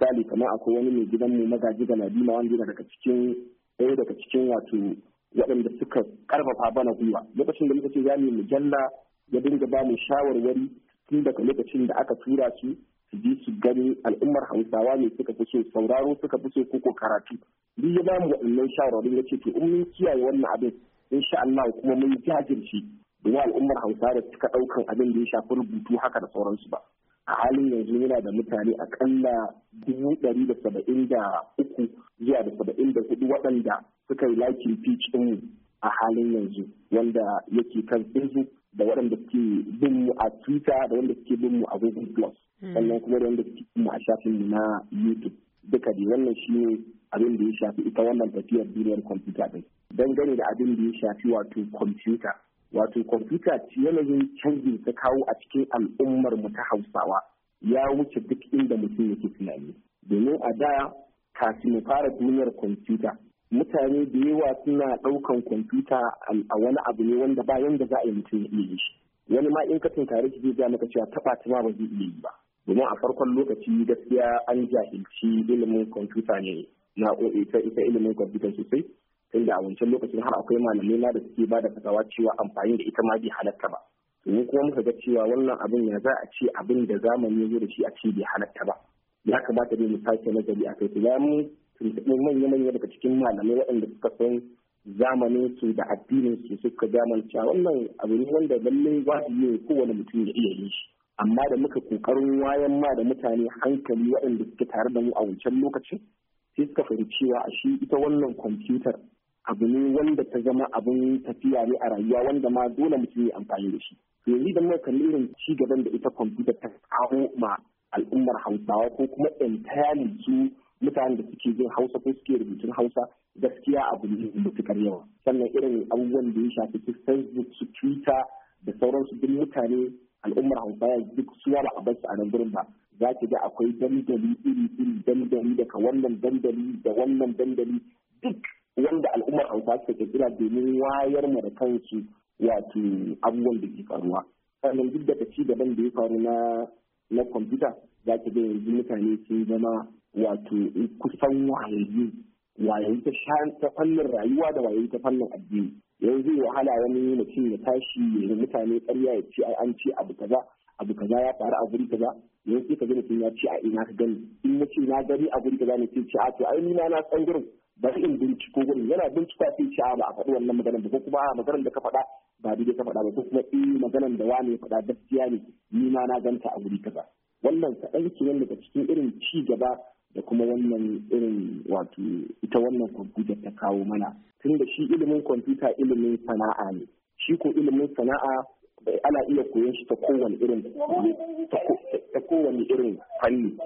misali kamar akwai wani mai gidan mu magaji ga Ladima wanda daga cikin ɗaya daga cikin wato waɗanda suka karfafa bana gwiwa lokacin da muka ce za mu yi mujalla ya dinga ba mu shawarwari tun daga lokacin da aka tura su su ji su gani al'ummar hausawa ne suka fi so sauraro suka fi so koko karatu duk ya ba mu waɗannan shawarwarin ya ce to in mun kiyaye wannan abin in sha Allah kuma mun jajirce domin al'ummar hausa da suka ɗaukan abin da ya shafi rubutu haka da sauransu ba a halin yanzu yana da mutane akalla dubu ɗari da saba'in da uku zuwa da saba'in da hudu waɗanda suka yi lakin pitch ɗin a halin yanzu wanda yake kan tsinzu da waɗanda suke bin mu a twitter da wanda suke bin mu a google plus hmm. sannan kuma da wanda suke bin mu a shafin mu na youtube duka dai wannan shi ne abin da ya shafi ita wannan tafiyar duniyar kwamfuta ɗin dangane da abin da ya shafi wato kwamfuta wato kwamfuta yanayin canjin ta kawo a cikin al'ummar mu ta hausawa ya wuce duk inda mutum yake tunani domin a da kafin mu fara duniyar kwamfuta mutane da yawa suna ɗaukan kwamfuta a wani abu ne wanda ba yanda za a yi mutum ya iya yi shi wani ma in ka tunkare shi zai maka cewa taɓa ta ma ba zai iya yi ba domin a farkon lokaci gaskiya an jahilci ilimin kwamfuta ne na'o'i ta ita ilimin kwamfuta sosai da a wancan lokacin har akwai malamai na da suke bada fatawa cewa amfani da ita ma bai halatta ba mu kuma muka ga cewa wannan abin ya za a ce abin da zamani ya zo da shi a ce bai halatta ba ya kamata dai mu sake nazari a kai su ya mun tuntuɓi manya-manya daga cikin malamai waɗanda suka san zamanin su da addinin su suka zamanta wannan abu ne wanda lallai wajibi ne kowane mutum ya iya yin shi amma da muka kokarin wayan ma da mutane hankali waɗanda suke tare da mu a wancan lokacin sai suka fahimci cewa a shi ita wannan kwamfutar abu ne wanda ta zama abin tafiya ne a rayuwa wanda ma dole mutum ya amfani da shi yanzu da muka irin ci gaban da ita kwamfuta ta kawo ma al'ummar hausawa ko kuma entirely su mutanen da suke jin hausa ko suke rubutun hausa gaskiya abu ne matukar yawa sannan irin abubuwan da ya shafi su facebook su twitter da sauransu duk mutane al'ummar hausawa duk suwa ba a basu a nan gurin ba za ki ga akwai dandali iri iri dandali daga wannan dandali da wannan dandali duk wanda al'ummar hausa suka kirkira domin wayar mu da kansu wato abubuwan da ke faruwa sannan duk da ci gaban da ya faru na na kwamfuta za ki ga yanzu mutane sun zama wato kusan wayoyi wayoyi ta ta fannin rayuwa da wayoyi ta fannin addini yanzu wahala wani mutum ya tashi yanzu mutane karya ya ce an ce abu kaza abu kaza ya faru a guri kaza yanzu sai ka ga mutum ya ce a ina ka gani in na ce na gani a guri kaza ne sai ce a to ai ni na na san gurin bari in binciko gurin yana bincika sai ce ba a faɗi wannan maganar da ko kuma a maganar da ka faɗa ba daidai ka faɗa ba ko kuma eh maganar da wani ya faɗa gaskiya ne ni ma na ganta a guri kaza wannan kaɗan kenan daga cikin irin ci gaba da kuma wannan irin wato ita wannan kwamfuta ta kawo mana tun da shi ilimin kwamfuta ilimin sana'a ne shi ko ilimin sana'a ana iya koyon shi ta kowane irin ta kowane irin fanni